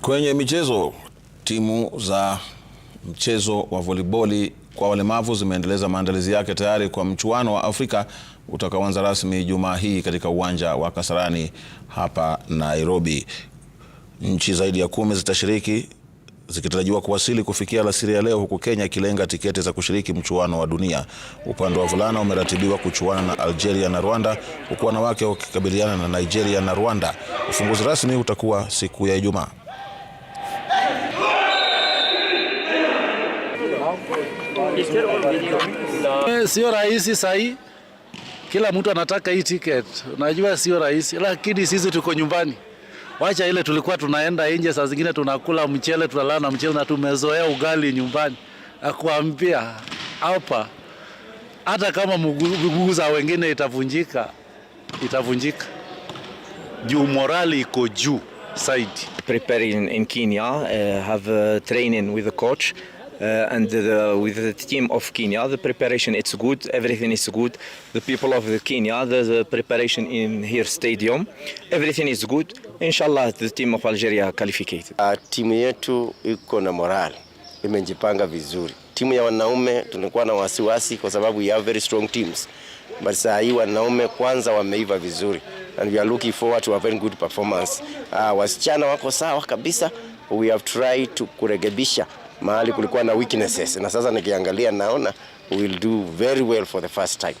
Kwenye michezo, timu za mchezo wa voliboli kwa walemavu zimeendeleza maandalizi yake tayari kwa mchuano wa Afrika utakaoanza rasmi Ijumaa hii katika uwanja wa Kasarani hapa Nairobi. Nchi zaidi ya kumi zitashiriki zikitarajiwa kuwasili kufikia alasiri ya leo, huku Kenya ikilenga tiketi za kushiriki mchuano wa dunia. Upande wa vulana umeratibiwa kuchuana na Algeria na Rwanda, huku wanawake wakikabiliana na Nigeria na Rwanda. Ufunguzi rasmi utakuwa siku ya Ijumaa. Eh, sio rahisi sahii kila mtu anataka hii ticket. Najua sio rahisi, lakini sisi tuko nyumbani. Wacha ile tulikuwa tunaenda nje, saa zingine tunakula mchele, tunalala na mchele na tumezoea ugali nyumbani. Akuambia hapa, hata kama mguu za wengine itavunjika, itavunjika juu morali iko juu zaidi. Preparing in Kenya uh, have a training with a coach Uh, and the, uh, with the team of Kenya, the preparation it's good, everything is good. The people of the Kenya, the, the preparation in here stadium, everything is good. Inshallah, the team of Algeria qualified. Uh, timu yetu iko na moral imejipanga vizuri. Timu ya wanaume tulikuwa na wasiwasi kwa sababu ya very strong teams, but saa hii wanaume kwanza wameiva vizuri and we are looking forward to a very good performance. Uh, wasichana wako sawa kabisa we have tried to kurekebisha mahali kulikuwa na weaknesses, na sasa nikiangalia naona we'll do very well for the first time.